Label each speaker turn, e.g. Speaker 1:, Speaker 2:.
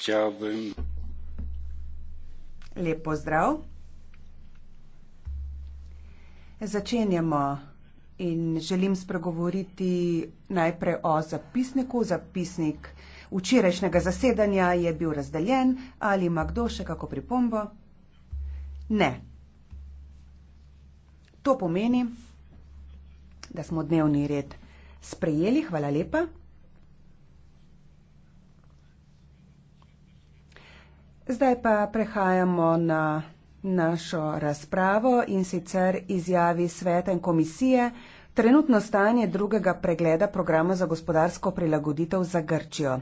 Speaker 1: chciałbym.
Speaker 2: Lep pozdrav. Začenjamo in želim spregovoriti najprej o zapisniku. Zapisnik včerajšnjega zasedanja je bil razdeljen. Ali ima kdo še kako pripombo? Ne. To pomeni, da smo dnevni red sprejeli. Hvala lepa. Zdaj pa prehajamo na našo razpravo in sicer izjavi sveta in komisije trenutno stanje drugega pregleda programa za gospodarsko prilagoditev za Grčijo.